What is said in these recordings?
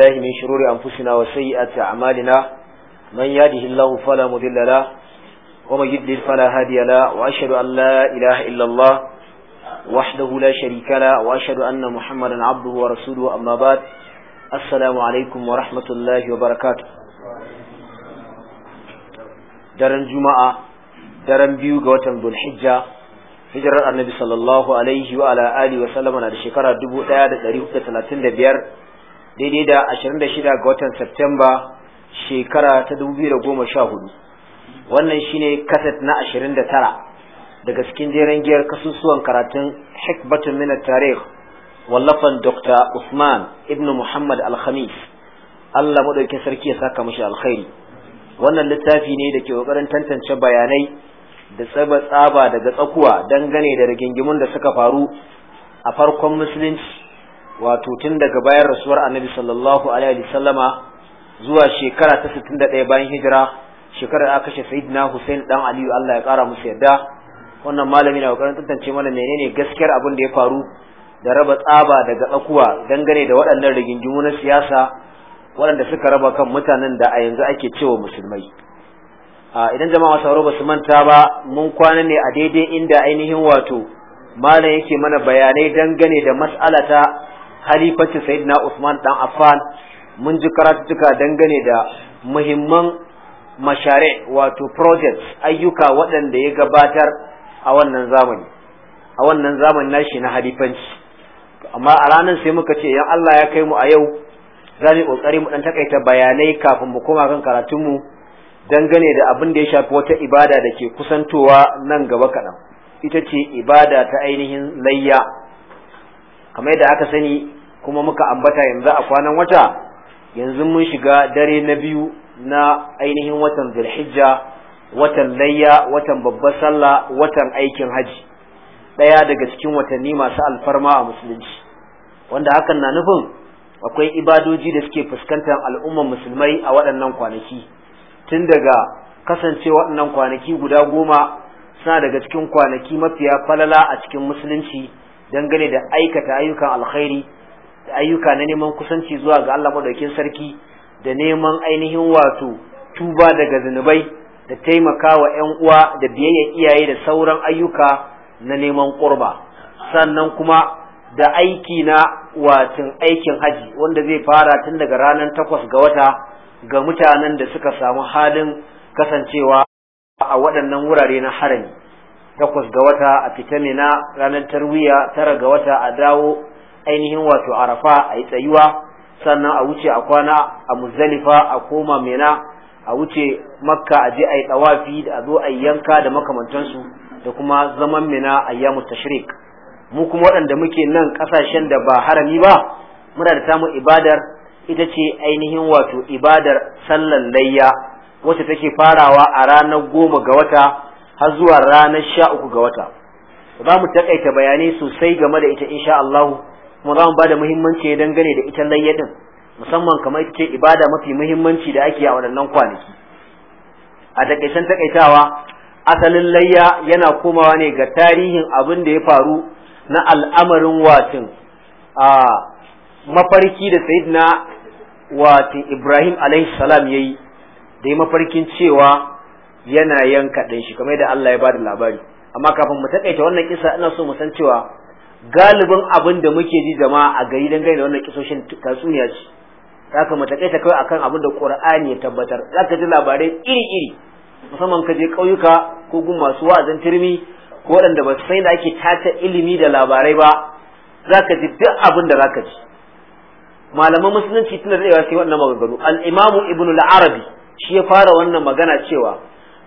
الله من شرور أنفسنا وسيئة أعمالنا من يهده الله فلا مضل له ومن يضلل فلا هادي له وأشهد أن لا إله إلا الله وحده لا شريك له وأشهد أن محمدا عبده ورسوله أما بعد السلام عليكم ورحمة الله وبركاته daren juma'a daren biyu ga watan dulhijja hijirar annabi sallallahu alaihi wa ala alihi wa sallama na da shekara 1435 daidai da 26 ga watan Septemba shekara ta 2014 wannan shine kaset na 29 daga cikin jerin giyar kasusuwan karatun hikbatun min tarikh wallafan Dr. Usman ibn Muhammad Al-Khamis Allah madaukin sarki ya saka mishi alkhairi wannan littafi ne da ke kokarin tantance bayanai da tsaba tsaba daga tsakuwa dangane da rigingimun da suka faru a farkon musulunci wato tun daga bayan rasuwar annabi sallallahu alaihi wa sallama, zuwa shekara ta 61 bayan hijira shekarar aka kashe sayyidina Hussein dan Aliyu Allah ya kara musu yarda. wannan malami na kokarin tantance mana menene gaskiyar abin da ya faru da raba tsaba daga tsakuwa dangane da waɗannan rigingimu na siyasa waɗanda suka raba kan mutanen da a yanzu ake cewa musulmai a idan jama'a sauro ba su manta ba mun kwana ne a daidai inda ainihin wato malam yake mana bayanai dangane da mas'alata halifacin na Usman dan Affan mun ji karatuka dangane da muhimman mashari wato projects ayyuka waɗanda ya gabatar a wannan zamani a wannan zamani nashi na halifanci amma a ranar sai muka ce yan Allah ya kai mu a yau za mu kokari mu dan takaita bayanai kafin mu koma kan karatun mu dangane da abin da ya shafi wata ibada da ke kusantowa nan gaba kaɗan ita ce ibada ta ainihin layya kamar yadda aka sani kuma muka ambata yanzu a kwanan wata yanzu mun shiga dare na biyu na ainihin watan zulhijja watan layya watan babbar sallah watan aikin haji ɗaya daga cikin watanni masu alfarma a musulunci wanda hakan na nufin akwai ibadoji da suke fuskantar al'umman musulmai a waɗannan kwanaki tun daga kasance waɗannan kwanaki guda goma suna daga cikin kwanaki mafiya falala a cikin musulunci dangane da aikata ayyukan alkhairi da ayyuka na neman kusanci zuwa ga Allah madaukin sarki da neman ainihin wato tuba daga zunubai da taimakawa ƴan uwa da biyayya iyaye da sauran ayyuka na neman qurba sannan kuma da aiki na watin aikin haji wanda zai fara tun daga ranar takwas ga wata ga mutanen da suka samu halin kasancewa a waɗannan wurare na harami takwas ga wata a fita mina ranar tarwiya tara ga wata a dawo ainihin wato arafa a yi tsayuwa sannan a wuce a kwana a muzalifa a koma mina a wuce makka a je a yi tsawafi da a zo a yanka da makamantansu da kuma zaman mina a yamu tashrik mu kuma waɗanda muke nan ƙasashen da ba harami ba muna da samun ibadar ita ce ainihin wato ibadar sallan layya wacce take farawa a ranar goma ga wata har zuwa ranar sha uku ga wata za mu takaita bayanai sosai game da ita insha Allah kuma za mu ba da muhimmanci dangane da ita layya din musamman kamar ita ce ibada mafi muhimmanci da ake a waɗannan kwanaki a takaitan takaitawa asalin layya yana komawa ne ga tarihin abin da ya faru na al'amarin watin a mafarki da sayyidina watin Ibrahim alaihi salam yayi dai mafarkin cewa yana yanka ɗin shi kamar yadda Allah ya bada labari amma kafin mu takaita wannan kisa ina so mu san cewa galibin abin da muke ji jama'a a gari dangane da wannan kisoshin tatsuniya ce ka mu takaita kawai akan abin da Qur'ani ya tabbatar zaka ji labarai iri-iri musamman ka je ƙauyuka ko gun masu wa'azin turmi ko waɗanda ba su san da ake tata ilimi da labarai ba zaka ji duk abin da zaka ji malaman musulunci tun da daɗewa sai wannan maganganu al-imamu ibnu al-arabi shi ya fara wannan magana cewa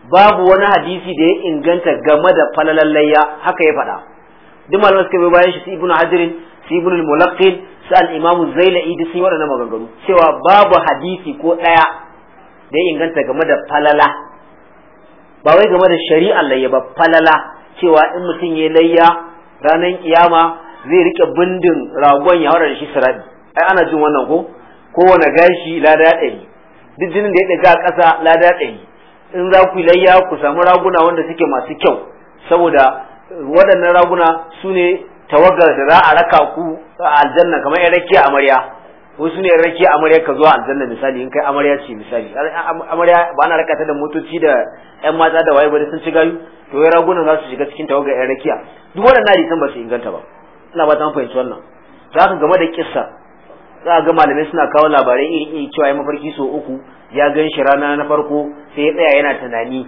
babu wani hadisi da ya inganta game da falalan layya haka ya faɗa duk malamai suka bai bayan shi su ibnu hadirin su ibnu mulaqin su al-imam zailai duk sun yi waɗannan maganganu cewa babu hadisi ko ɗaya da ya inganta game da falala ba wai game da shari'ar layya ba falala cewa in mutum ya layya ranar kiyama zai rike bindin ragon ya haura da shi sirabi ai ana jin wannan ko kowane gashi lada ɗari duk jinin da ya ɗiga a ƙasa lada ɗari in za ku layya ku samu raguna wanda suke masu kyau saboda waɗannan raguna su ne tawagar da za a raka ku a aljanna kamar yan a amarya su ne yan a amarya ka zuwa aljanna misali in kai amarya ce misali amarya ba na raka ta da motoci da yan mata da waye bari sun ci gayu to wai ragunan za su shiga cikin tawagar yan rakiya duk waɗannan hadisan ba su inganta ba ina ba ta fahimci wannan za ka game da kissa za a ga malamai suna kawo labarai iri iri cewa ya mafarki so uku ya gan shi rana na farko sai ya tsaya yana tunani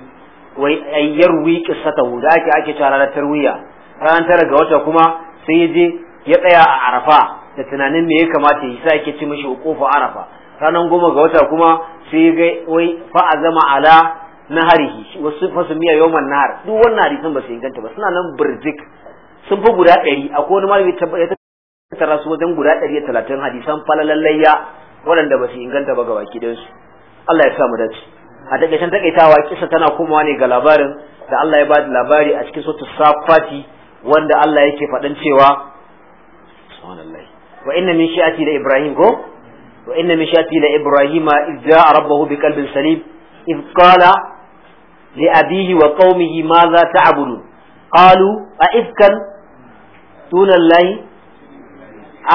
wai ai yarwi qissatahu da ake ake cewa ranar tarwiya ranar tara ga wata kuma sai ya je ya tsaya a arafa da tunanin me ya kamata yi sai ake ci mishi uqufu arafa ranar goma ga wata kuma sai ga wai fa azama ala naharihi wasu miya yawman nahar duk wannan hadisin ba su inganta ba suna nan birjik sun fi guda ɗari akwai wani malami ya tattara su wajen guda ɗari da talatin hadisan falalallayya waɗanda ba su inganta ba baki ɗansu Allah ya sa mu dace a takaicen takaitawa kisa tana komawa ne ga labarin da Allah ya bada labari a cikin suratul safati wanda Allah yake faɗin cewa subhanallahi wa inna min shi'ati la ibrahim ko wa inna min shi'ati la ibrahima idza rabbahu biqalbin salim id qala li abihi wa qaumihi madha ta'budun qalu a ifkan dunallahi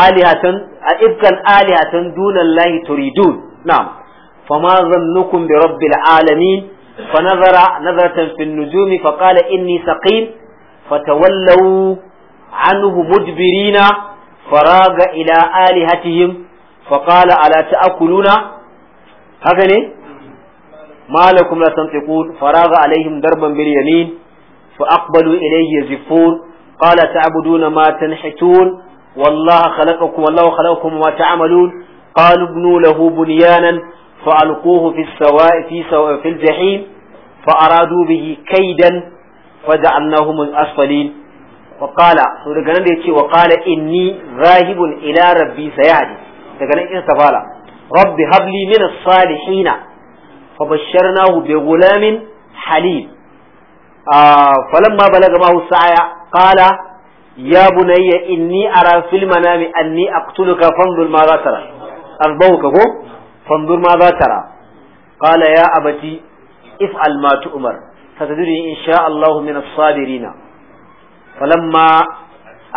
alihatan a ifkan alihatan dunallahi turidun na'am فما ظنكم برب العالمين فنظر نظرة في النجوم فقال إني سقيم فتولوا عنه مدبرين فراغ إلى آلهتهم فقال ألا تأكلون هكذا ما لكم لا تنطقون فراغ عليهم دربا باليمين فأقبلوا إليه يزفون قال تعبدون ما تنحتون والله خلقكم والله خلقكم وما تعملون قالوا ابنوا له بنيانا فألقوه في السواء في سواء في الجحيم فأرادوا به كيدا فجعلناهم الأسفلين وقال سورة يتي وقال إني ذاهب إلى ربي سيعدي سورة تفعل رب هب لي من الصالحين فبشرناه بغلام حليم آه فلما بلغ معه السعي قال يا بني إني أرى في المنام أني أقتلك فانظر ماذا ترى أربوك هو fanzur ma za tara qala ya abati if'al ma tu'mar in sha Allah min as-sabirin falamma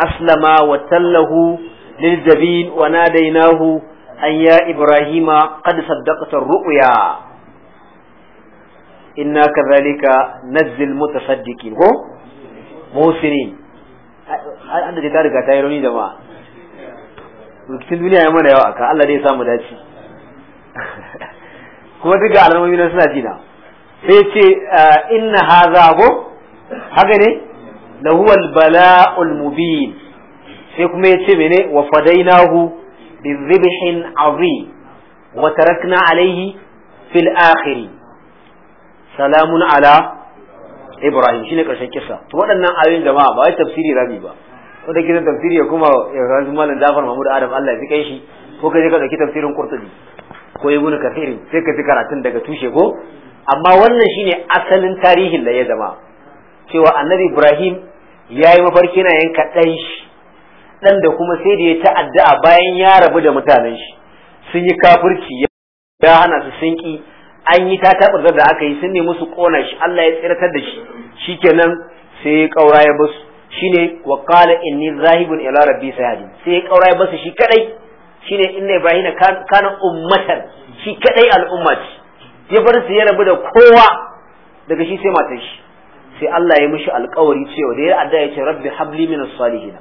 aslama wa tallahu liljabin wa nadainahu an ya ibrahima qad saddaqta ar-ru'ya inna kadhalika nazzil mutasaddiqin ko musirin an da ta riga ta yi rauni da jama'a rikicin duniya ya mana yawa ka Allah dai ya samu dace kuma duka ga na suna jina sai ce ah, inna haza go haka ne huwal bala'ul mubin sai kuma ya ce mene wa fadainahu bi zibhin azim wa tarakna alaihi fil akhiri salamun ala ibrahim shine karshen kisa to waɗannan ayoyin jama'a ba wai tafsiri rabi ba wanda kiran tafsiri ya kuma ya razu malam Jafar Mahmud Adam Allah ya fi kai shi ko ka je ka dauki tafsirin kurtubi ko ibnu kathir sai ka fi karatun daga tushe ko amma wannan shine asalin tarihin da ya zama cewa annabi ibrahim ya yi mafarki na yanka ɗan shi ɗan da kuma sai da ya ta'adda'a bayan ya rabu da mutanen shi sun yi kafirci ya hana su sinki an yi ta taɓarza da aka yi sun ne su ƙona shi Allah ya tsiratar da shi shikenan sai ya ƙaura ya basu shine wa qala inni zahibun ila rabbi sayadi sai ya ƙaura ya basu shi kaɗai. shine inna ibrahim kana ummatan shi kadai al'umma ce ya bar su ya rabu da kowa daga shi sai matar shi sai Allah ya mishi alƙawari cewa da ya adda ya ce rabbi habli min salihin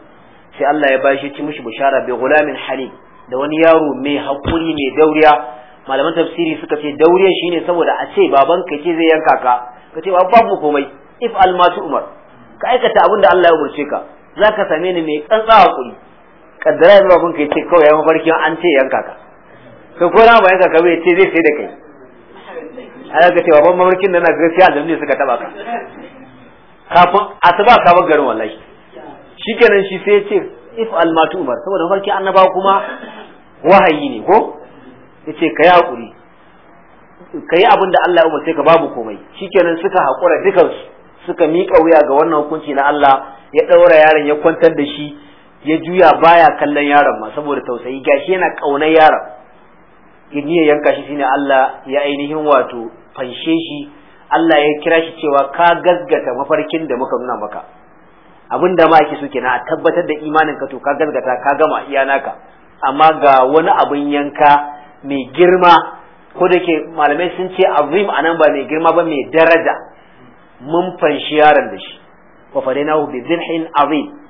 sai Allah ya bashi ci mishi bishara bi gulamin halim da wani yaro mai hakuri mai dauriya malaman tafsiri suka ce dauriya shine saboda a ce baban ka ce zai yanka ka ka ce babu komai if almatu umar ka aikata abin da Allah ya umarce ka zaka same ni mai tsantsa hakuri kaddara yanzu babun ka ce kawai ya mafarki an ce yanka ka to ko na bayan ka bai ce zai sai da kai ana ga cewa ban mafarkin da na gaskiya aljanu ne suka taba ka kafin asuba ka bar garin wallahi shikenan shi sai ya ce if almatu umar saboda mafarki annaba kuma wahayi ne ko yi haƙuri hakuri yi abin da Allah ya umarce ka babu komai shikenan suka haƙura dukansu suka miƙa wuya ga wannan hukunci na Allah ya ɗaura yaron ya kwantar da shi ya juya baya kallon yaron ma saboda tausayi gashi yana kaunar yaron in ya yanka shi shine Allah ya ainihin wato fanshe shi Allah ya kira shi cewa ka gazgata mafarkin da muka nuna maka abin da ma ake so kenan tabbatar da imanin ka to ka gazgata ka gama iyana naka amma ga wani abun yanka mai girma ko da ke malamai sun ce azim anan ba mai girma ba mai daraja mun fanshi yaron da shi wa fadainahu bi dhilhin azim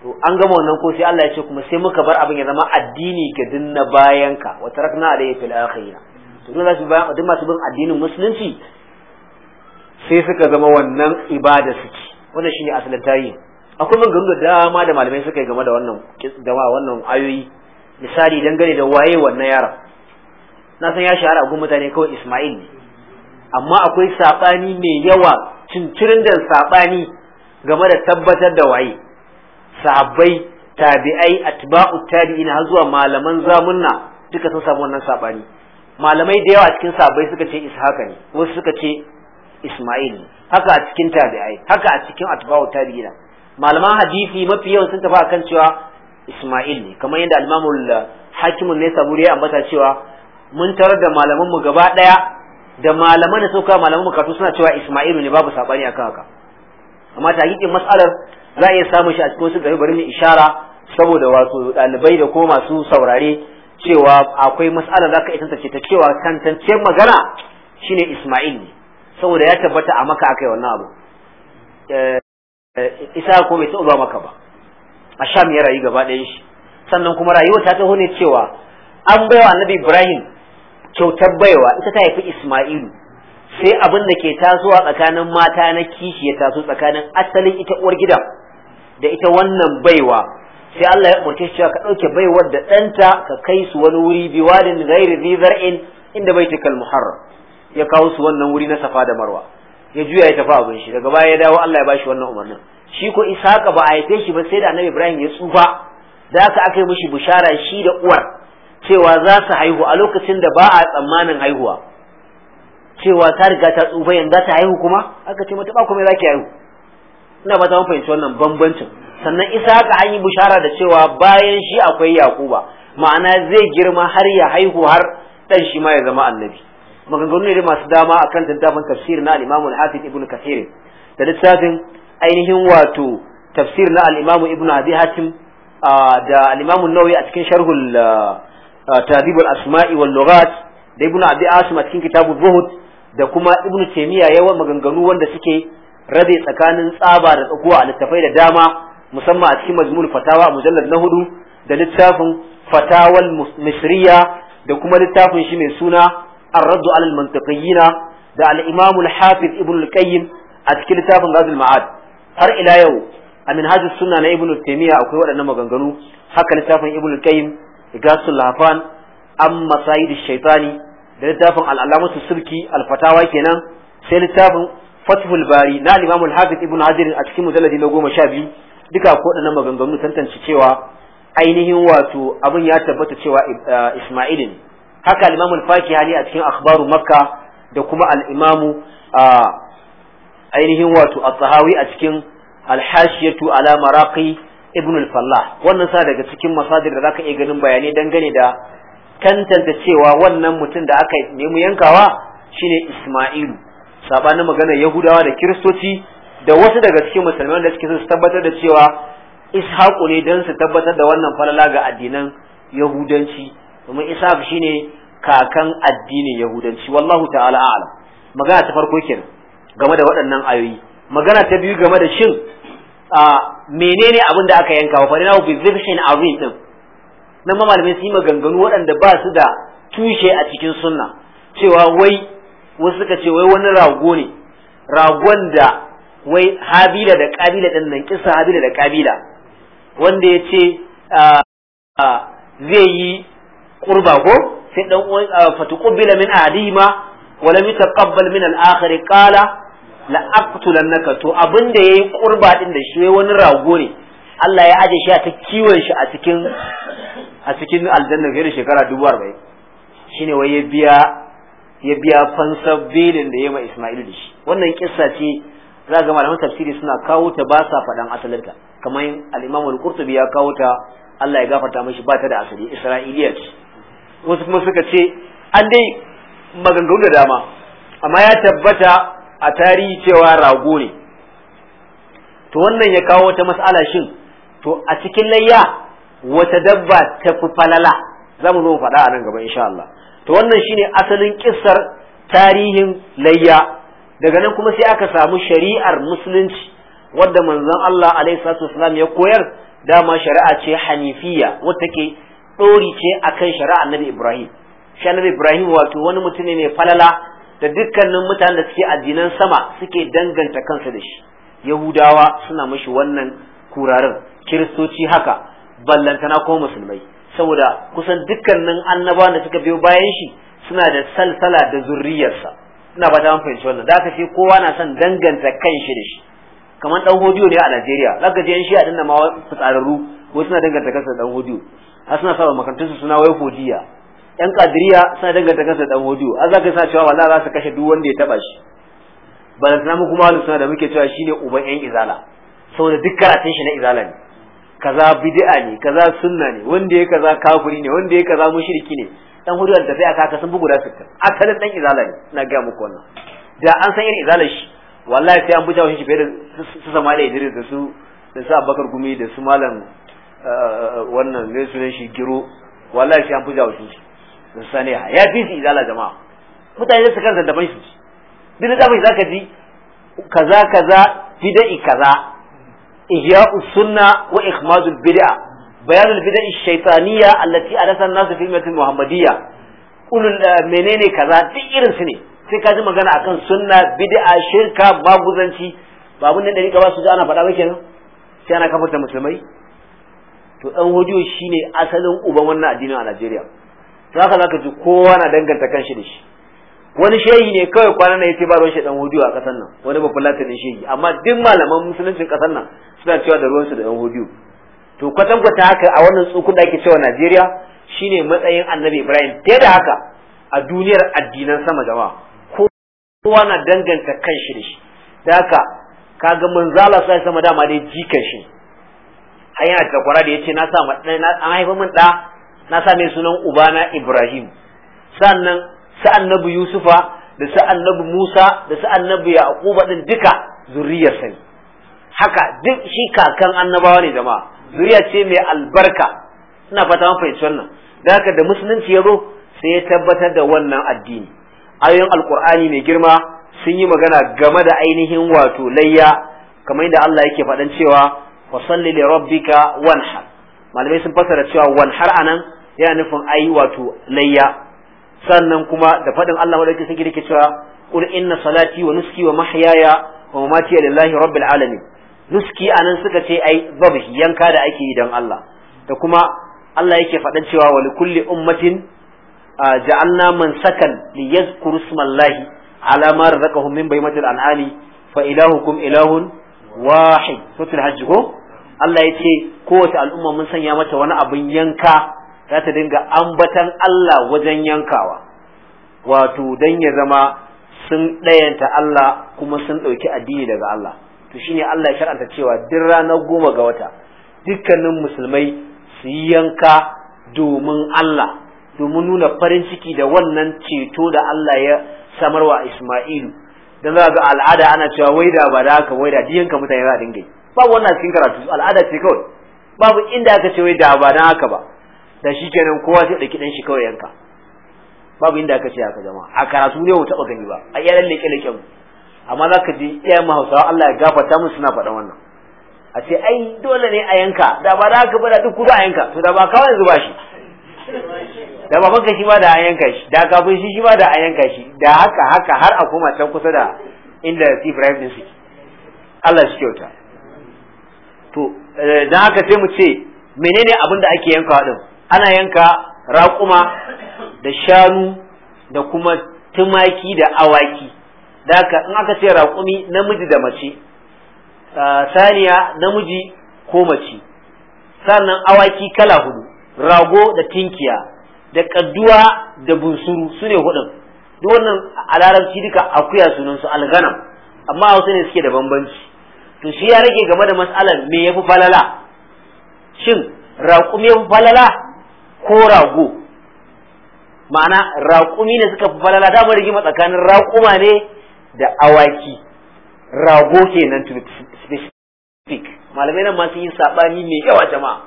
to an gama wannan ko sai Allah ya ce kuma sai muka bar abin ya zama addini ga dinna bayanka wa tarakna alayhi fil akhirin to dole su bayan duk masu bin addinin musulunci sai suka zama wannan ibada ci wannan shine asalin tarihi akwai maganganu da dama da malamai suka yi game da wannan da wannan ayoyi misali dangane da waye wannan yaron na san ya shahara a mutane kawai Ismail ne amma akwai saɓani mai yawa cincirin da saɓani game da tabbatar da waye sahabbai tabi'ai atba'u tabi'in har zuwa malaman zamunna duka sun samu wannan sabani malamai da yawa cikin sahabbai suka ce ishaqa ne wasu suka ce isma'il haka a cikin tabi'ai haka a cikin atba'u tabi'in malaman hadisi mafi yawan sun tafi akan cewa isma'il ne kamar yadda al mamul hakimun ne saburi ya ambata cewa mun tarar da malaman mu gaba daya da malaman da suka malaman mu suna cewa isma'il ne babu sabani akan haka amma ta hakikin mas'alar za a iya samun shi a cikin wasu gari bari mu ishara saboda wato ɗalibai da ko masu saurare cewa akwai mas'ala za ka tantance ta cewa tantance magana shine Isma'il ne saboda ya tabbata a maka aka yi wannan abu eh, isa ko bai taɓa maka ba a sham ya rayu gaba ɗayan shi sannan kuma rayuwa ta taho ne cewa an baiwa annabi ibrahim kyautar baiwa ita ta haifi isma'ilu sai abin da ke tasowa tsakanin mata na kishi ya taso tsakanin asalin ita uwar gidan da ita wannan baiwa sai Allah ya umarce shi ka dauke baiwar da danta ka kai su wani wuri biwadin ghairi dhi zar'in inda baitikal muharram ya kawo su wannan wuri na safa da marwa ya juya ya tafi abin shi daga baya ya dawo Allah ya bashi wannan umarnin shi ko isaka ba a haife shi ba sai da annabi ibrahim ya tsufa da aka aka yi mishi bishara shi da uwar cewa za su haihu a lokacin da ba a tsammanin haihuwa cewa ta riga ta tsufa yanzu ta haihu kuma aka ce mata ba kuma za ki haihu ina ba ta fahimci wannan bambancin sannan isa haka an yi bishara da cewa bayan shi akwai yakuba ma'ana zai girma har ya haihu har dan shi ma ya zama annabi maganganu ne masu dama akan tattafin tafsir na al al-Hafiz Ibn Kathir da littafin ainihin wato tafsir na al Ibn Abi Hatim da al nawawi a cikin sharhul Tadhib al-Asma'i wal Lughat da Ibn Abi Asim a cikin kitabu zuhud da kuma Ibn Taymiyyah yawan maganganu wanda suke rabe tsakanin tsaba da tsakuwa a littafai da dama musamman a cikin majmul fatawa a mujallar na hudu da littafin fatawal misriya da kuma littafin shi mai suna ar-raddu alal mantiqiyina da al-imam al-hafiz ibn al-qayyim a cikin littafin gazul ma'ad har ila yau a minhajus sunna na ibn taymiya akwai waɗannan maganganu haka littafin ibn al-qayyim gasul lafan am masayid ash-shaytani da littafin al-alamatu subki al-fatawa kenan sai littafin fathul bari na al-imam al-hafiz ibn hajar a cikin mujalladi na goma sha biyu duka ko waɗannan maganganu tantance cewa ainihin wato abin ya tabbata cewa eh, isma'ilin haka al-imam al a cikin akhbaru makka da kuma al-imamu ah, ainihin wato at-tahawi a cikin al-hashiyatu ala maraqi ibn al-fallah wannan sa daga cikin masadir da zaka iya ganin bayanai dangane da tantance cewa wannan mutum da aka nemi yankawa shine isma'ilu sabanin maganar yahudawa da kiristoci da wasu daga cikin musulmai da suke so su tabbatar da cewa ishaqu ne don su tabbatar da wannan falala ga addinan yahudanci domin ishaq shine kakan addinin yahudanci wallahu ta'ala a'lam magana ta farko kenan game da waɗannan ayoyi magana ta biyu game da shin a menene abin da aka yanka fa na bi zibshin azim din nan ma malamai su yi maganganu waɗanda ba su da tushe a cikin sunna cewa wai wasu suka ce wai wani rago ne ragon da wai habila da kabila din nan kisa habila da kabila wanda ya ce ah, ah, zai yi kurba ko sai dan uwan ah, fatuqbila min adima wa lam yataqabbal min al-akhir qala la aqtulannaka to abinda yayi kurba din da shi wani rago ne Allah ya aje shi a ta kiwon shi a cikin a cikin aljanna fiye da shekara dubu shine wai ya biya ya biya fansar belin da ya ma Ismail da shi wannan kissa ce za ga malaman tafsiri suna kawo ta ba sa faɗan asalinta kamar al-Imam al-Qurtubi ya kawo ta Allah ya gafarta mishi ba ta da asali Isra'iliya ce wasu kuma suka ce an dai maganganu da dama amma ya tabbata a tarihi cewa rago ne to wannan ya kawo wata mas'ala shin to a cikin layya wata dabba ta fi falala za mu zo mu faɗa a nan gaba insha Allah to wannan shine asalin kissar tarihin layya daga nan kuma sai aka samu shari'ar musulunci wadda manzon Allah alaihi salatu ya koyar dama shari'a ce hanifiya wadda take dori ce akan shari'a Annabi Ibrahim shi Annabi Ibrahim wato wani mutum ne mai falala da dukkanin mutanen da suke addinan sama suke danganta kansa da shi Yahudawa suna mashi wannan kurarin kiristoci haka ballantana ko musulmai saboda kusan dukkanin annaba da suka biyo bayan shi suna da salsala da zurriyarsa ina ba ta fahimci wannan da aka ce kowa na son danganta kan shi da shi kamar dan hodiyo ne a Najeriya za ka je yan shi a dinna ma fitsararru ko suna danganta kansa dan hodiyo har suna sa makarantun suna wai hodiya yan kadiriya suna danganta kansa dan hodiyo har zaka sa cewa wallahi za su kashe duk wanda ya taba shi balantana mu kuma suna da muke cewa shine uban yan izala saboda duk karatun shi na izala ne kaza bid'a ne kaza sunna ne wanda ya kaza kafiri ne wanda ya kaza mushriki ne dan hudu da tafi aka sun bugu da sittin asalin dan izala ne ina ga muku wannan da an san irin izalar shi wallahi sai an buja shi fiye da su sama da Idris da su da su Abubakar Gumi da su malam eh, eh, wannan ne sunan shi giro wallahi sai an buja shi da sani ya fi su izala jama'a mutane da su kansa ban shi duk da za zaka ji kaza kaza bid'i kaza ihya'us sunna wa ikhmadul bid'a بيان البدع الشيطانية التي أدرس الناس في المدينة المحمدية قل منين كذا irin su ne sai ka ji magana akan sunna bid'a shirka maguzanci ba abin da dariƙa ba su ji ana faɗa ba kenan sai ana kafa musulmai to ɗan wajo shine asalin uban wannan addinin a Najeriya to haka zaka ji kowa na danganta kanshi da wani shehi ne kawai kwana na yace ba dan wajo a ƙasar nan wani bafulatinin shehi amma duk malaman musuluncin kasar nan suna cewa da ruwansu da yahudiyu to kwatan kwata haka a wannan tsukun da ake cewa Najeriya shine matsayin Annabi Ibrahim ta da haka a duniyar addinan sama gaba kowa na danganta kan shi da shi da haka kaga manzala sai sama dama dai jikan shi hanya yana takwara da ce na sa ma an haifa min ɗa na sa mai sunan ubana Ibrahim sannan sa annabi Yusufa da sa annabi Musa da sa annabi Yaquba ɗin duka zuriyar sani haka duk shi kakan annabawa ne jama'a zuriya ce mai albarka ina fata an fahimci wannan da haka da musulunci ya zo sai ya tabbatar da wannan addini ayoyin alkur'ani mai girma sun yi magana game da ainihin wato layya kamar yadda Allah yake faɗan cewa wa salli li rabbika wanhar malamai sun fassara cewa wanhar anan yana nufin ai wato layya sannan kuma da faɗin Allah madaukakin sarki yake cewa qul inna salati wa nusuki wa mahyaya wa mamati lillahi rabbil alamin riski anan suka ce ai babu yanka da ake yi don Allah da kuma Allah yake faɗan cewa wa kulli ummatin ja'alna sakan li yadhkuru smallahi ala ma razaqahum min baymatil an'ami fa ilahukum ilahun wahid suratul hajj ko Allah ya ce kowace al'umma mun sanya mata wani abin yanka za ta dinga ambatan Allah wajen yankawa wato dan ya zama sun ɗayanta Allah kuma sun ɗauki addini daga Allah to shine Allah ya shar'anta cewa duk ranar goma ga wata dukkanin musulmai su yi yanka domin Allah domin nuna farin ciki da wannan ceto da Allah ya samarwa Isma'ilu dan za ga al'ada ana cewa wai da ba da haka wai da diyanka mutane za a dinga yi babu wannan cikin karatu al'ada ce kawai babu inda aka ce wai da ba dan haka ba da shikenan kowa sai dauki dan shi kawai yanka babu inda aka ce haka jama'a a karatu ne wata gani ba a yaran leke leken amma za ka ji iyayen hausawa Allah ya gafata mun suna faɗa wannan a ce ai dole ne a yanka da ba za ka bada duk kudu a yanka to da ba kawai yanzu ba shi da ba ka shi ba da a yanka shi da kafin shi shi ba da a yanka shi da haka haka har a koma can kusa da inda Ibrahim din suke Allah shi kyauta to eh, dan haka sai mu ce menene abin da ake yanka din ana yanka raƙuma da shanu da kuma tumaki da awaki da in aka ce raƙumi namiji da mace saniya namiji ko mace sannan awaki kala hudu rago da tinkiya da kadduwa da bunsuru su ne hudun duk wannan a larabci duka akuya sunansu alganam amma a wasu ne suke da bambanci to shi ya rage game da matsalar me yafi falala shin raƙumi yafi falala ko rago ma'ana raƙumi ne suka fi falala damar rigima tsakanin raƙuma ne da awaki rago kenan to specific malamai nan ma yin yi sabani mai yawa jama'a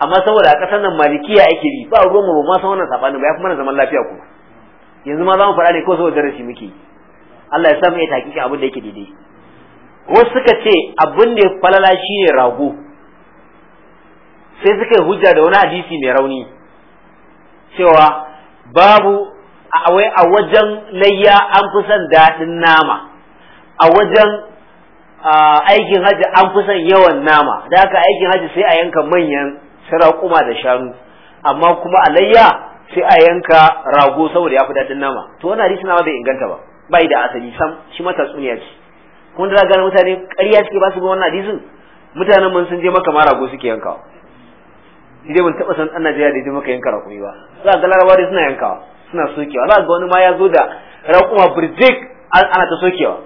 amma saboda a kasar nan malikiya ake bi ba ruwan mu ma san wannan sabani ba ya kuma zaman lafiya kuma yanzu ma za mu faɗa ne ko saboda darasi muke Allah ya sa mu yi abin da yake daidai wasu suka ce abin da falala shine rago sai suka yi hujja da wani hadisi mai rauni cewa babu a wajen layya an fi son daɗin nama a wajen aikin hajji an fi son yawan nama da haka aikin hajji sai a yanka manyan sarakuma da shanu amma kuma a layya sai a yanka rago saboda ya fi daɗin nama to wani hadisi nama bai inganta ba bai da asali sam shi mata tsuniya ce kun da gane mutane ƙarya suke ba su bin wannan hadisin mutanen mun sun je maka ma rago suke yankawa idan ban taɓa san ɗan Najeriya da ya je maka yanka rago ba za ga larabawa suna yankawa suna sokewa za ga wani ma ya zo da raƙuma birjik ana ta sokewa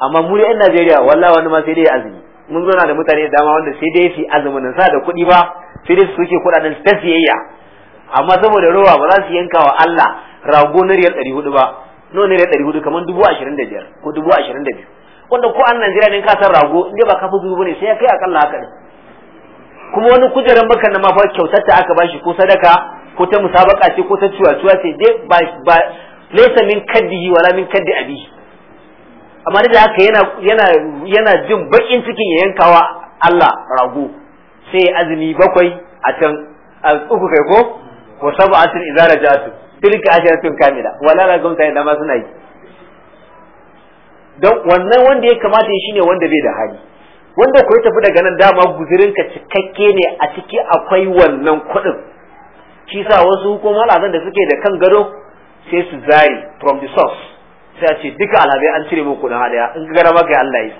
amma mu yan Najeriya wallahi wani ma sai dai azumi mun zo na da mutane da dama wanda sai dai su azumin nan sa da kuɗi ba sai dai su soke kuɗaɗen ta siyayya amma saboda rowa ba za su yanka wa Allah rago na riyal ɗari hudu ba nawa ne riyal ɗari hudu kamar dubu ashirin da biyar ko dubu ashirin da biyu wanda ko an Najeriya ne ka san rago in ba kafa zuru bane sai ya kai akalla haka ne kuma wani kujerar makan na mafa kyautar ta aka bashi ko sadaka ko ta musabaka ce ko ta ciwa ciwa ce dai ba ba laysa min kaddihi wala min kaddi abi amma da haka yana yana yana jin bakin cikin ya yankawa Allah rago sai azumi bakwai a can a uku kai ko wa sab'atin idza jatu tilka ashiratun kamila wala la gumta idan ma suna yi dan wannan wanda ya kamata shi ne wanda bai da hali wanda ku tafi daga nan dama guzurinka cikakke ne a ciki akwai wannan kuɗin shi sa wasu hukumar al'adun da suke da kan gado sai su zari from the source sai a ce duka alhazai an cire min kuɗin hadaya in gara maka Allah yi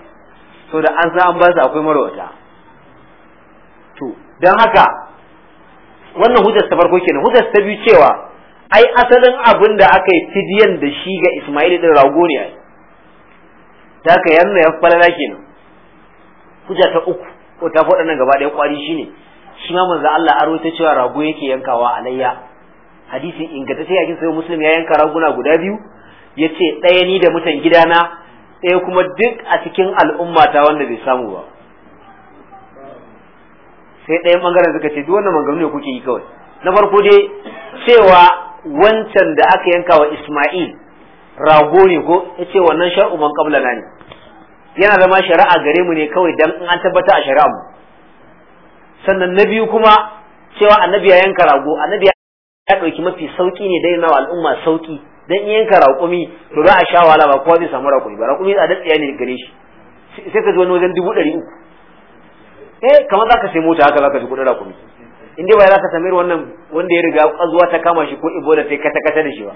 so da an san an ba su akwai marwata to don haka wannan hujjar ta farko kenan hujjar ta biyu cewa ai asalin abin da aka yi fidiyan da shi ga Ismail ɗin rago ne ai ta ka yanna ya falala kenan hujja ta uku ko ta faɗa nan gaba ɗaya ƙwari shine shi ma manzo Allah aro ta cewa rago yake yankawa alayya hadisin sai yakin sai muslim ya yanka raguna guda biyu yace ɗaya ni da mutan gidana ɗaya kuma duk a cikin al'umma ta wanda bai samu ba sai ɗayan ɓangaren suka ce duk wannan maganganu ne kuke yi kawai na farko dai cewa wancan da aka yanka wa Ismail rago ne ko yace wannan shar'u man kabla na ne yana zama shari'a gare mu ne kawai dan in an tabbata a shari'a mu sannan na biyu kuma cewa annabi ya yanka rago annabi ya ɗauki mafi sauki ne dai na al'umma sauki dan in yanka raƙumi to za a sha wahala ba kowa zai samu raƙumi ba raƙumi a datsiya ne gare shi sai ka ji wani wajen dubu ɗari uku eh kamar za ka sai mota haka za ka ji kuɗin raƙumi in dai ba za ka samir wannan wanda ya riga ƙazuwa ta kama shi ko da sai kata kata da shi ba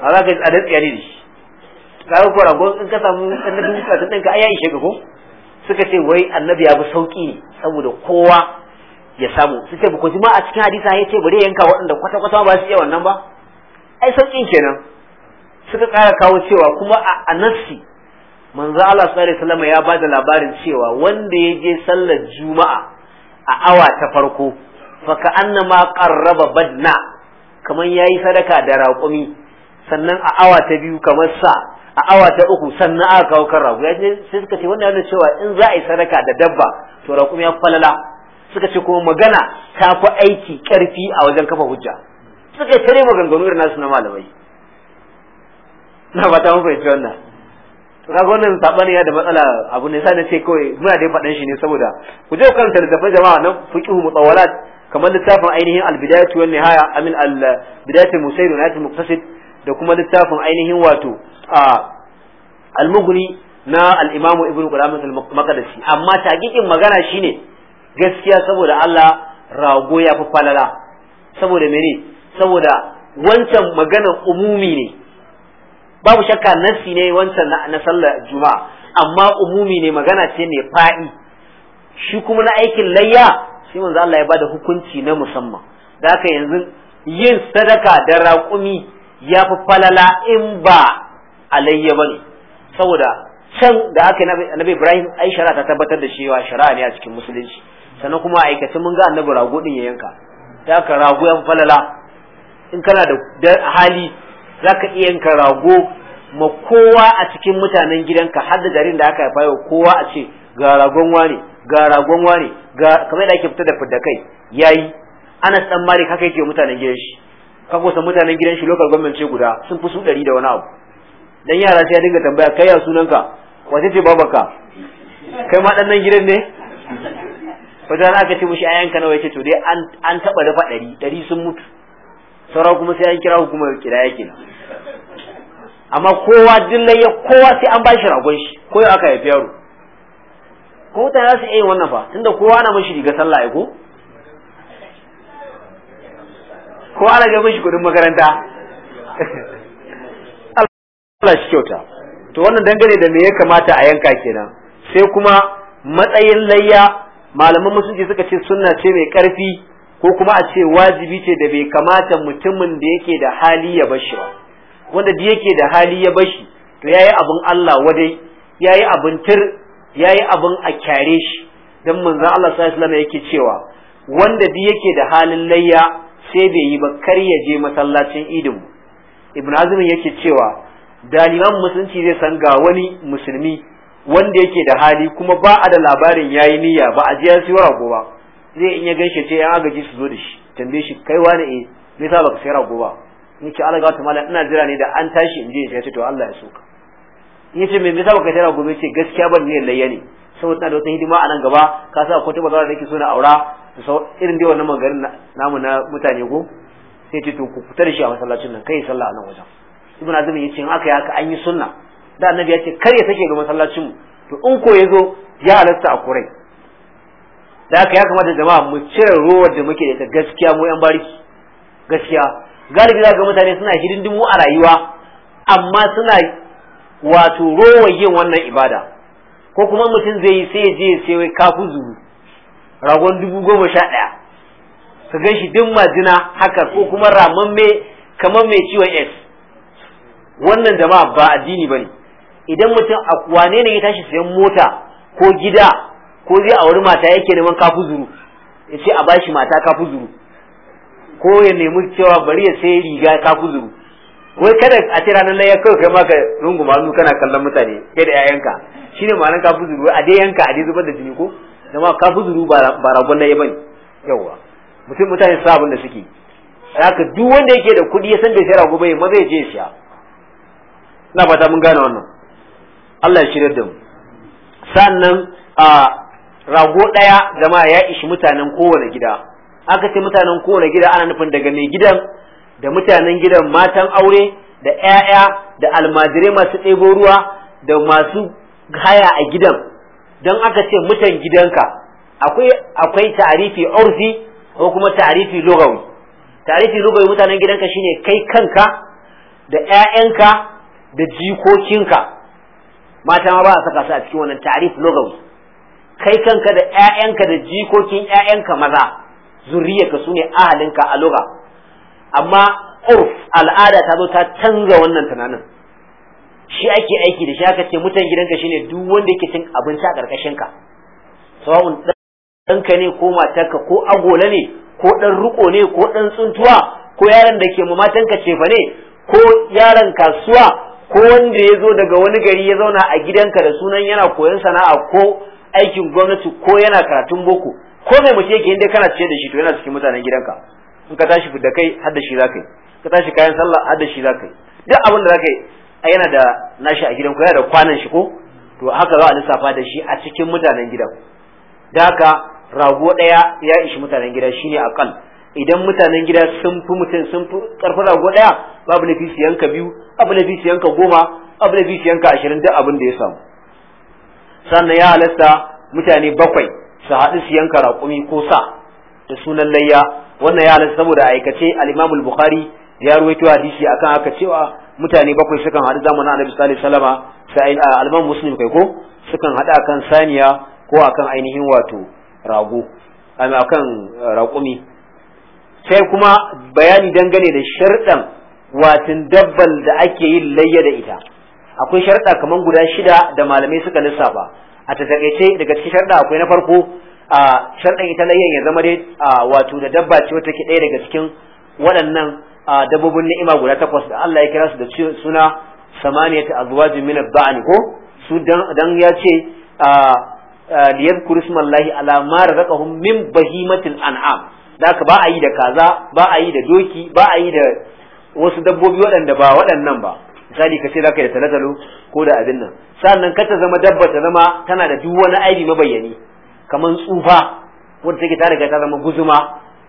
a za ka ji tsadar tsiyani da shi kaga ko ragon in ka samu ɗan na dubu talatin ɗinka ai ya ishe ko suka ce wai annabi ya bi sauƙi ne saboda kowa ya samu su ce ba ku a cikin hadisa ya ce bari yanka waɗanda kwata-kwata ba su iya wannan ba ai sauƙin kenan suka ƙara kawo cewa kuma a nassi manzo Allah sallallahu alaihi wasallam ya bada labarin cewa wanda ya je sallar juma'a a awa ta farko fa ka annama qarraba badna kamar yayi sadaka da raƙumi sannan a awa ta biyu kamar sa a awa ta uku sannan aka kawo kan rago ya sai suka ce wannan yana cewa in za a yi sadaka da dabba to raƙumi ya falala suka ce kuma magana ta fi aiki ƙarfi a wajen kafa hujja suka yi tare maganganu irin nasu na malamai na ba ta mun fahimci wannan to kaga wannan sabani ya da matsala abu ne sai na ce kawai muna da faɗan shi ne saboda ku je karanta littafin jama'a na fiqhu mutawalat kamar littafin ainihin albidayatu wan nihaya amin albidayatu musayir wa muqtasid da kuma littafin ainihin wato al-mughni na al-imamu ibn qudamah al-maqdisi amma taqiqin magana shine gaskiya saboda Allah rago ya fi falala saboda mene saboda wancan magana umumi ne babu shakka nassi ne wancan na sallar juma'a amma umumi ne magana ce ne fa'i shi kuma na aikin layya shi manzo Allah ya bada hukunci na musamman da haka yanzu yin sadaka da raƙumi ya fi falala in ba alayya bane saboda can da aka annabi Ibrahim ai shari'a ta tabbatar da cewa shari'a ne a cikin musulunci sannan kuma aikacin mun ga annabi rago din ya yanka da ka rago ya falala in kana da hali zaka iya yanka rago ma kowa a cikin mutanen gidanka har da jarin da aka haifa yau kowa a ce ga ragon wani ga ragon wani ga kamar da ake fita da kai yayi ana dan Malik haka yake mutanen gidan shi kago mutanen gidan shi lokacin gwamnati guda sun fi su 100 da wani abu dan yara sai ya dinga tambaya kai ya sunanka wace ce babaka kai ma dan nan gidan ne wata rana aka ce mushi yanka nawa yace to dai an an taba dafa ɗari ɗari sun mutu sauran kuma sai an kira hukumar yake na amma kowa dillai kowa sai an bashi ragon shi ko ya aka haifi yaro ko ta za su iya yin wannan fa tunda kowa na mashi riga sallah ai ko ko ana ga mashi kudin makaranta Allah shi kyauta to wannan dangane da me ya kamata a yanka kenan sai kuma matsayin layya malaman musulunci suka ce sunna ce mai karfi ko kuma a ce wajibi ce da bai kamata mutumin da yake da hali ya bashi ba wanda da yake da hali ya bashi to yayi abin Allah wadai yayi abin tir yayi abin a kyare shi dan manzon Allah sallallahu alaihi wasallam yake cewa wanda da yake da halin layya sai bai yi ba kar ya je masallacin idin ibn azmin yake cewa da liman musulunci zai san ga wani musulmi wanda yake da hali kuma ba a da labarin yayi niyya ba a je ya siyo rago ba zai in ya gaishe ce yan agaji su zo da shi tambaye shi kai wani eh me yasa baka sai rago ba ni ce Allah ta mala ina jira ne da an tashi in je ya ce to Allah ya soka in ce me yasa baka sai rago ba ce gaskiya ban ne layya ne saboda da wata hidima a nan gaba ka sa akwai tabbata da nake so na aura irin dai wannan magarin namu na mutane ko sai ce to ku fitar shi a masallacin nan kai sallah a nan wajen ibn azim yace in aka yi haka an yi sunna da annabi ya ce kar ya sake ga masallacin mu to in ko zo ya halatta a kurai da haka ya kamata jama'a mu cire ruwan da muke da ita gaskiya mu yan bariki gaskiya galibi za ga mutane suna hidindimu a rayuwa amma suna wato rowar yin wannan ibada ko kuma mutum zai yi sai ya je sai wai kafu zuru ragon dubu goma sha ɗaya ka gan shi duk majina haka ko kuma ramamme kamar mai ciwon s wannan jama'a ba addini bane idan mutum a wane ne ya tashi sayan mota ko gida ko zai a wani mata yake neman kafu zuru ya ce a bashi mata kafu zuru ko ya nemi cewa bari ya sai riga kafu zuru wai kada a ce ranar laye kawai kai maka runguma hannu kana kallon mutane kai da 'ya'yanka shine ma'anar kafu zuru a dai yanka a dai zubar da jini ko zama kafu zuru ba ragon laye bane yawa mutum mutane su abin da suke haka duk wanda yake da kuɗi ya san bai sai rago bai maza ya je ya siya ina fata mun gane wannan Allah ya shirya da mu sannan a rago ɗaya jama'a ya ishi mutanen kowane gida aka ce mutanen kowane gida ana nufin daga mai gidan da mutanen gidan matan aure da 'ya'ya da almajirai masu ɗebo ruwa da masu haya a gidan don aka ce mutan gidanka akwai akwai ta'arifi urfi ko kuma ta'arifi lugawi ta'arifi lugawi mutanen gidanka shine kai kanka da 'ya'yanka da jikokinka mata ma ba a saka su a cikin wannan tarif logawi kai kanka da ƴaƴanka da jikokin ƴaƴanka maza zuriyarka su ne ahalinka a loga amma urf al'ada ta zo ta canza wannan tunanin shi ake aiki da shi aka ce mutan gidanka shine duk wanda yake cin abinci a ƙarƙashin ka sawa'un ɗanka ne ko matarka ko agola ne ko ɗan riƙo ne ko ɗan tsuntuwa ko yaron da ke matanka cefa ne ko yaron kasuwa ko wanda ya zo daga wani gari ya zauna a gidanka da sunan yana koyon sana'a ko aikin gwamnati ko yana karatun boko ko mai mace yake inda kana ciyar da shi to yana cikin mutanen gidanka in ka tashi da kai har da shi za ka yi ka tashi kayan sallah har da shi za ka yi duk abin da za ka yi yana da nashi a gidanku yana da kwanan shi ko to haka za a lissafa da shi a cikin mutanen gidan da haka rago ɗaya ya ishi mutanen gida shine akal idan mutanen gida sun fi mutum sun fi karfi rago daya babu na su yanka biyu abu na su yanka goma abu na su yanka ashirin duk abin da ya samu sannan ya halasta mutane bakwai su haɗu su yanka raƙumi ko sa da sunan layya wannan ya halasta saboda aikace al bukari bukhari ya ruwaito hadisi akan haka cewa mutane bakwai sukan haɗu zamanin Annabi sallallahu alaihi wasallama sai al Muslim kai ko sukan haɗu akan saniya ko akan ainihin wato rago akan eh, raƙumi sai kuma bayani dangane da sharɗan watin dabbal da ake yin layya da ita akwai sharɗa kamar guda shida da malamai suka lissafa a tatakaice daga cikin sharɗa akwai na farko a sharɗan ita layyan ya zama dai wato da dabba ce wata ke ɗaya daga cikin waɗannan dabbobin ni'ima guda takwas da Allah ya kira su da suna samaniyat azwajin min ba'ani ko su dan ya ce liyadkuru kurismallahi ala ma razaqahum min bahimatil an'am da ba a yi da kaza ba a yi da doki ba a yi da wasu dabbobi waɗanda ba waɗannan ba misali ka ce zaka yi da talatalo ko da abin nan sannan ka ta zama dabba ta zama tana da duk wani aibi mabayyani kamar tsufa wanda take ta riga ta zama guzuma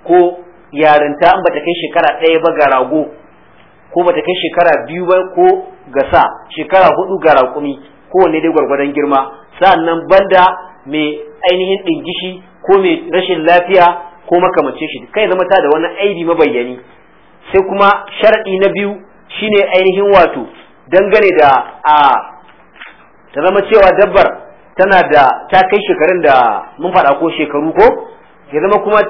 ko yarinta in bata kai shekara ɗaya ba ga rago ko bata kai shekara biyu ba ko ga sa shekara hudu ga raƙumi wanne dai gwargwadon girma sannan banda mai ainihin ɗingishi ko mai rashin lafiya ko makamacin shi kai zama ta da wani aibi mabayyani sai kuma sharadi na biyu shine ainihin wato dangane da a ta zama cewa dabbar tana da ta kai shekarun da mun faɗa ko shekaru ko ya zama kuma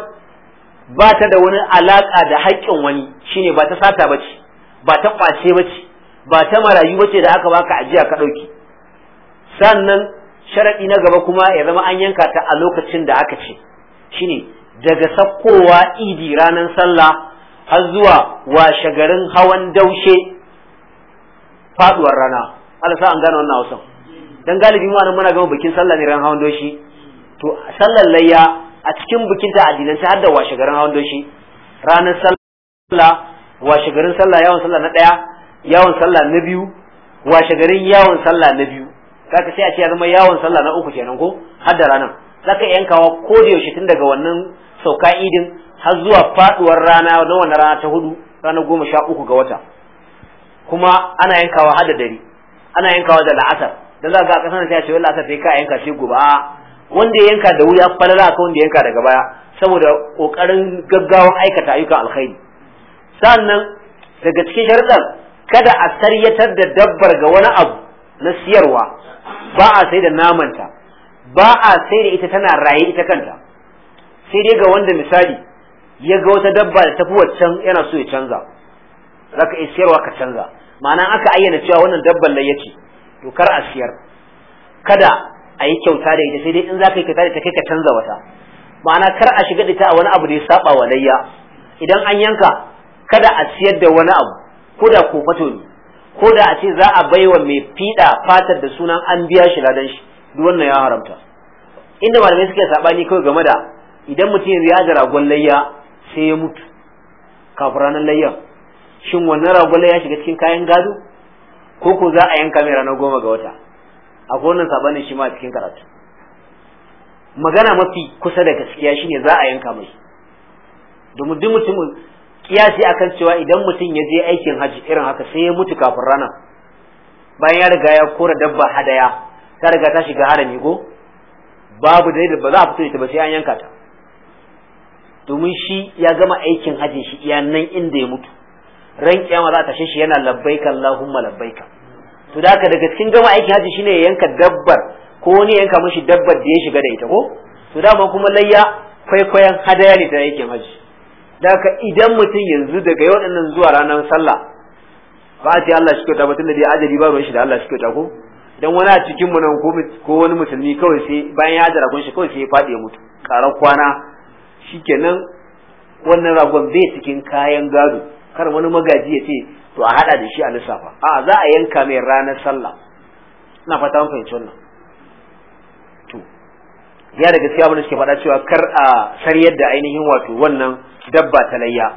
ba ta da wani alaƙa da haƙƙin wani shine ba ta sata ba ce ba ta ƙwace ba ce ba ta marayu ba ce da aka baka ajiya ka ɗauki sannan sharaɗi na gaba kuma ya zama an yanka ta a lokacin da aka ce shine daga sakkowa idi ranar sallah har zuwa washe garin hawan daushe faduwar rana Allah sa an gane wannan hausan dan galibin wannan muna gama bikin sallah ne ran hawan daushe to sallar layya a cikin bikin ta addinan ta har da washe garin hawan daushe ranar sallah washe garin sallah yawon sallah na daya yawon sallah na biyu washe garin yawon sallah na biyu kaka sai a ce ya zama yawon sallah na uku kenan ko har da ranar zaka yankawa ko da yaushe tun daga wannan sauka idin har zuwa faduwar rana na wannan rana ta hudu ranar goma sha uku ga wata kuma ana yankawa har da dare ana yankawa da la'asar dan za ga a kasar ta ce wallahi la'asar sai ka yanka shi gobe a wanda ya yanka da wuri a akan wanda ya yanka daga baya saboda kokarin gaggawan aikata ayyukan alkhairi sannan daga cikin sharuɗan kada a saryatar da dabbar ga wani abu na siyarwa ba a sai da namanta ba a sai da ita tana raye ita kanta sai dai ga wanda misali ya ga wata dabba da tafi waccan yana so ya canza za ka iya siyarwa ka canza ma'ana aka ayyana cewa wannan dabban lai yake to kar a siyar kada a yi kyauta da ita sai dai in za ka yi kyauta da ita kai ka canza wata ma'ana kar a shiga da ita a wani abu da ya saba wa layya idan an yanka kada a siyar da wani abu ko da ko ne ko da a ce za a baiwa mai fiɗa fatar da sunan an biya shi ladan shi duk wannan ya haramta inda malamai suke saɓani kawai game da idan mutum ya da ragon layya sai ya mutu kafin ranar layya shin wannan ragon layya shiga cikin kayan gado ko ko za a yanka mai ranar goma ga wata A wannan sabanin shi ma a cikin karatu magana mafi kusa da gaskiya shine za a yanka mai domin duk mutum kiyasi akan cewa idan mutum ya je aikin hajji irin haka sai ya mutu kafin rana bayan ya riga ya kora dabba hadaya ta riga ta shiga harami ko babu da ba za a fito ita ba sai an yanka ta domin shi ya gama aikin hajji shi iya nan inda ya mutu ran kiyama za ta shi yana labbaika Allahumma labbaika to da daga cikin gama aikin hajji shine ya yanka dabbar ko wani yanka mishi dabbar da ya shiga da ita ko to da kuma layya kwaikwayon hadaya ne ta aikin hajji da ka idan mutum yanzu daga yau dinnan zuwa ranar sallah ba a ce Allah shi kyauta ba tunda dai ajali ba ruwan shi da Allah shi kyauta ko dan wani a cikin mu nan ko wani musulmi kawai sai bayan ya jira kun shi kawai sai ya fadi ya mutu karar kwana shikenan wannan ragon bai cikin kayan gado kar wani magaji ya ce to a hada da shi a lissafa a za a yanka mai ranar sallah ina fata mun fahimci wannan to ya da gaskiya abin da suke faɗa cewa kar a sariyar da ainihin wato wannan dabba ta layya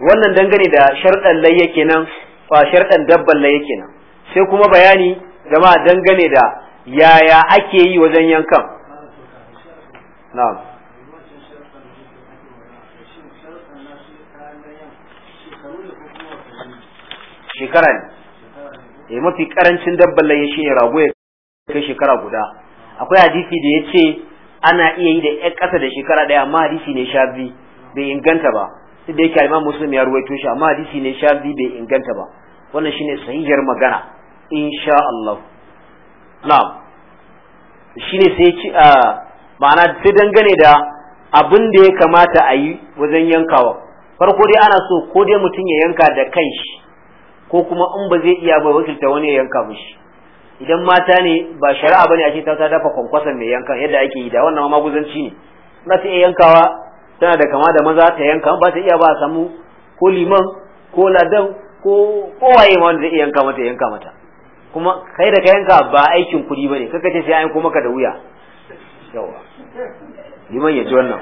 wannan dangane da sharɗan layya kenan fa sharɗan dabban layya kenan sai kuma bayani jama'a dangane da yaya ake yi wajen yankan na'am shekara ne eh mafi karancin dabban shi shine rago ya kai shekara guda akwai hadisi da yace ana iya yi da ƴan ƙasa da shekara ɗaya amma hadisi ne shazi bai inganta ba sai da yake Imam Muslim ya ruwaito shi amma hadisi ne shazi bai inganta ba wannan shine sahihiyar magana insha Allah na'am shine sai ci a ma'ana sai dangane da abin da ya kamata a yi wajen yankawa farko dai ana so ko dai mutum ya yanka da kanshi ko kuma in ba zai iya ba wakilta wani ya yanka mishi idan mata ne ba shari'a bane a ce ta dafa kwankwasan mai yanka yadda ake yi da wannan maguzanci ne za ta iya yankawa tana da kama da maza ta yanka ba ta iya ba a samu ko liman ko ladan ko kowaye ma wanda zai iya yanka mata yanka mata kuma kai da ka yanka ba aikin kuɗi bane kaka ce sai an ko maka da wuya yawa liman ya ji wannan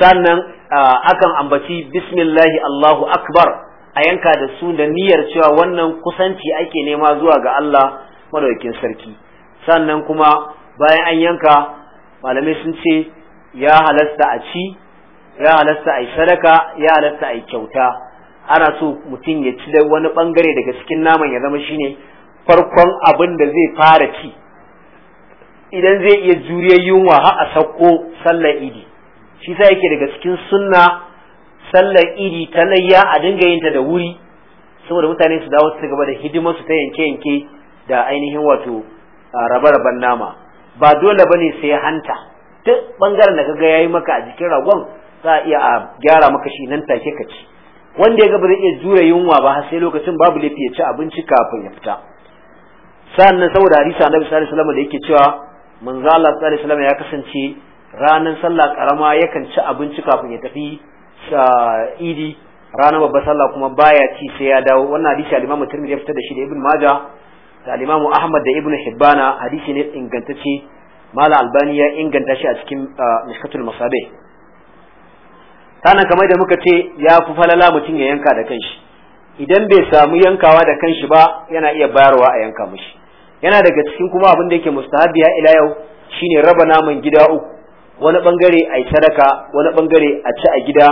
sannan akan ambaci bismillahi Allahu akbar a yanka da su da niyyar cewa wannan kusanci ake nema zuwa ga Allah madaukakin sarki sannan kuma bayan an yanka malamai sun ce ya halasta a ci ya halasta a yi sadaka ya halasta a yi kyauta ana so mutum ya ci da wani bangare daga cikin naman ya zama shine farkon abin da zai fara ci idan zai iya juriyar yunwa har a sauko sallar idi shi sa yake daga cikin sunna sallar idi ta layya a dinga yin ta da wuri saboda mutane su dawo su gaba da hidimar su ta yanke yanke da ainihin wato raba raban nama ba dole bane sai hanta duk bangaren da kaga yayi maka a jikin ragon za a iya a gyara maka shi nan take ka ci wanda ya ga ba zai iya jure yunwa ba har sai lokacin babu laifi ya ci abinci kafin ya fita sannan saboda hadisi annabi sallallahu alaihi wasallam da yake cewa manzo Allah sallallahu alaihi wasallam ya kasance Ranan sallah karama yakan ci abinci kafin ya tafi idi ranar babba sallah kuma baya ci sai ya dawo wannan hadisi al-Imam Tirmidhi ya fitar da shi da Ibn Majah da al-Imam Ahmad da Ibn Hibbana hadisi ne ingantacce Mala Albani ya inganta shi a cikin Mishkatul Masabih sanan kamar da muka ce ya fi falala mutum ya yanka da kanshi idan bai samu yankawa da kanshi ba yana iya bayarwa a yanka mushi yana daga cikin kuma abin da yake mustahabi ila yau shine raba naman gida uku wani bangare a sadaka wani bangare a ci a gida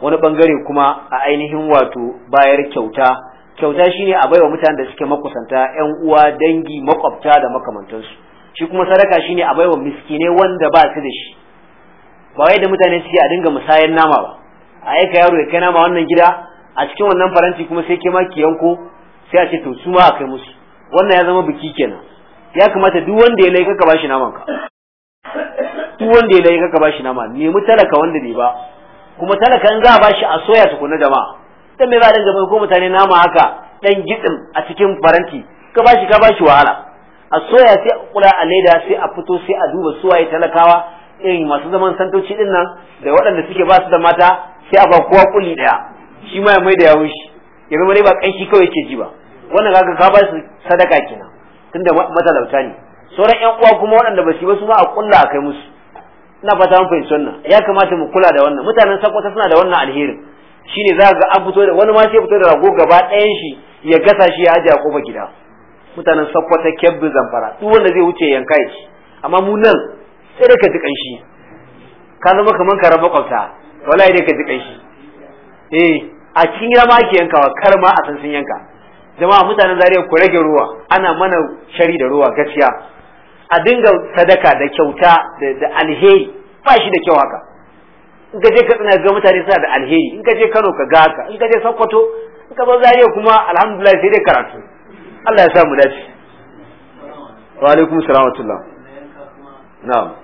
wani bangare kuma a ainihin wato bayar kyauta kyauta shine a baiwa mutanen da suke makusanta yan uwa dangi makwabta da makamantansu shi kuma sadaka shine a baiwa miskine wanda ba su da shi ba wai da mutane suke a dinga musayar nama ba a aika yaro ya kai nama wannan gida a cikin wannan faranti kuma sai ke ma ki yanko sai a ce to su ma a kai musu wannan ya zama biki kenan ya kamata duk wanda ya laika ka bashi naman ka duk wanda ya layi kaka bashi nama nemi talaka wanda bai ba kuma talaka in za a bashi a soya tukuna jama'a dan me ba a jama'a ko mutane nama haka dan gitsin a cikin faranti ka bashi ka bashi wahala a soya sai a kula a leda sai a fito sai a duba suwaye talakawa irin masu zaman santoci din nan da waɗanda suke ba su da mata sai a ba kowa kulli daya shi ma ya mai da yawun shi ya zama dai ba kanshi kawai ke ji ba wannan kaga ka ba su sadaka kenan tunda matalauta ne sauran yan uwa kuma waɗanda ba su ba su ma a kulla a kai musu ina fata mun fahimci wannan ya kamata mu kula da wannan mutanen sakwata suna da wannan alherin shine za ga an fito da wani ma sai fito da rago gaba ɗayan shi ya gasa shi ya aje a kofar gida mutanen sakwata kebbi zamfara duk wanda zai wuce yanka shi amma mu nan sai da ka ji kanshi ka zama kaman karan makwabta wallahi dai ka ji kanshi eh a cikin gida ma ake yankawa kar ma a san sun yanka jama'a mutanen zariya ku rage ruwa ana mana shari da ruwa gaskiya a dinga sadaka da kyauta da alheri ba shi da kyau haka in ka je ka tsina ga mutane suna da alheri in ka je Kano ka ga haka in ka je Sokoto in ka zo Zaria kuma alhamdulillah sai dai karatu Allah ya sa mu dace wa alaikum salam na'am